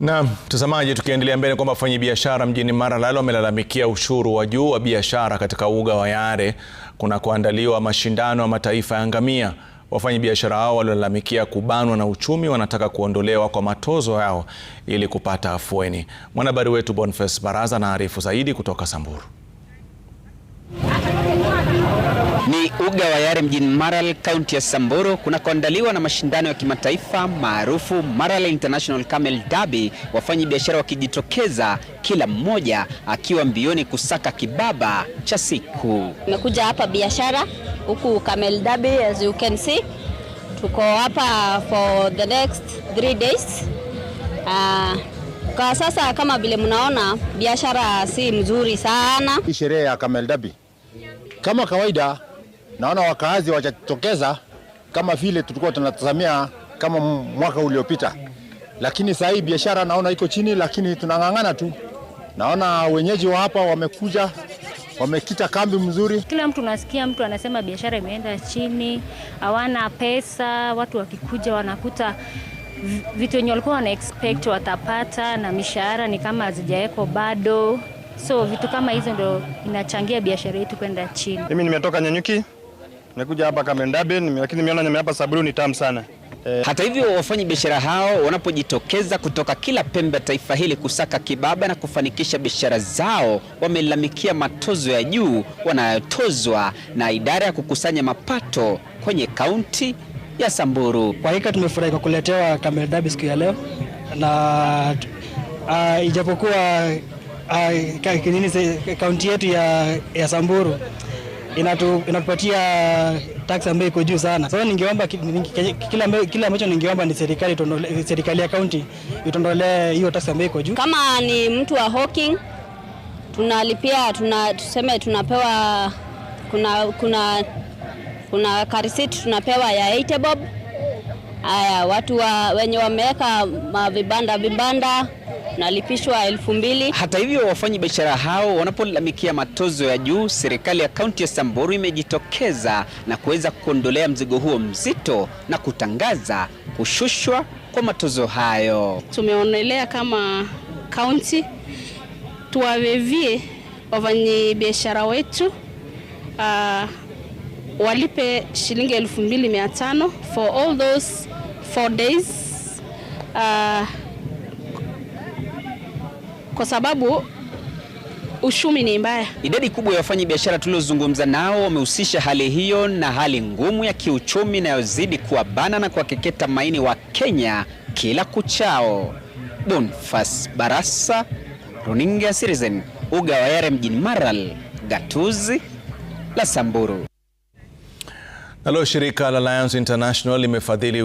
Na mtazamaji, tukiendelea mbele kwamba wafanyabiashara mjini Maralal wamelalamikia ushuru wa juu wa biashara katika uga wa Yare kuna kuandaliwa mashindano ya mataifa ya ngamia. Wafanyabiashara hao waliolalamikia kubanwa na uchumi wanataka kuondolewa kwa matozo yao ili kupata afueni. Mwanahabari wetu Boniface Baraza anaarifu zaidi kutoka Samburu. Ni uga wa Yare mjini Maralal kaunti ya Samburu kunakoandaliwa na mashindano ya kimataifa maarufu Maralal International Camel Derby, wafanyi biashara wakijitokeza kila mmoja akiwa mbioni kusaka kibaba cha siku. Nimekuja hapa biashara huku Camel Derby, as you can see tuko hapa for the next three days. Uh, kwa sasa kama vile mnaona biashara si mzuri sana. Sherehe ya Camel Derby kama kawaida naona wakaazi wajatokeza kama vile tulikuwa tunatazamia kama mwaka uliopita, lakini sasa hii biashara naona iko chini, lakini tunang'ang'ana tu. Naona wenyeji wa hapa wamekuja wamekita kambi mzuri. Kila mtu unasikia mtu anasema biashara imeenda chini, hawana pesa. Watu wakikuja wanakuta vitu wenye walikuwa wana expect watapata, na mishahara ni kama hazijawekwa bado. So vitu kama hizo ndo inachangia biashara yetu kwenda chini. Mimi nimetoka Nyanyuki. Nimekuja hapa Kamendabe, lakini nimeona nyama hapa Saburu ni tamu sana. Eh, Hata hivyo wafanya biashara hao wanapojitokeza kutoka kila pembe ya taifa hili kusaka kibaba na kufanikisha biashara zao, wamelalamikia matozo ya juu wanayotozwa na idara ya kukusanya mapato kwenye kaunti ya Samburu. Kwa hakika tumefurahi kwa kuletewa Kamendabe siku ya leo na uh, ijapokuwa uh, kaunti yetu ya, ya Samburu inatu, inatupatia tax ambayo iko juu sana. Sasa ningeomba kila kila ambacho ningeomba ni serikali tondole, serikali ya kaunti itondolee hiyo tax ambayo iko juu. Kama ni mtu wa hawking tunalipia tuna, tuseme tunapewa kuna kuna kuna karisiti tunapewa ya 8 bob. Haya, watu wa, wenye wameweka vibanda vibanda nalipishwa elfu mbili. Hata hivyo, wafanyi biashara hao wanapolalamikia matozo ya juu, serikali ya kaunti ya Samburu imejitokeza na kuweza kuondolea mzigo huo mzito na kutangaza kushushwa kwa matozo hayo. Tumeonelea kama kaunti tuwavevie wafanyi biashara wetu uh, walipe shilingi 2500 for all those four days uh, kwa sababu uchumi ni mbaya. Idadi kubwa ya wafanya biashara tuliozungumza nao wamehusisha hali hiyo na hali ngumu ya kiuchumi inayozidi kuwabana na kuwakeketa maini wa Kenya kila kuchao. Bonfas Barasa, runinga ya Citizen, uga wa Yare mjini Maral, gatuzi la Samburu. Nalo shirika la Lions International limefadhili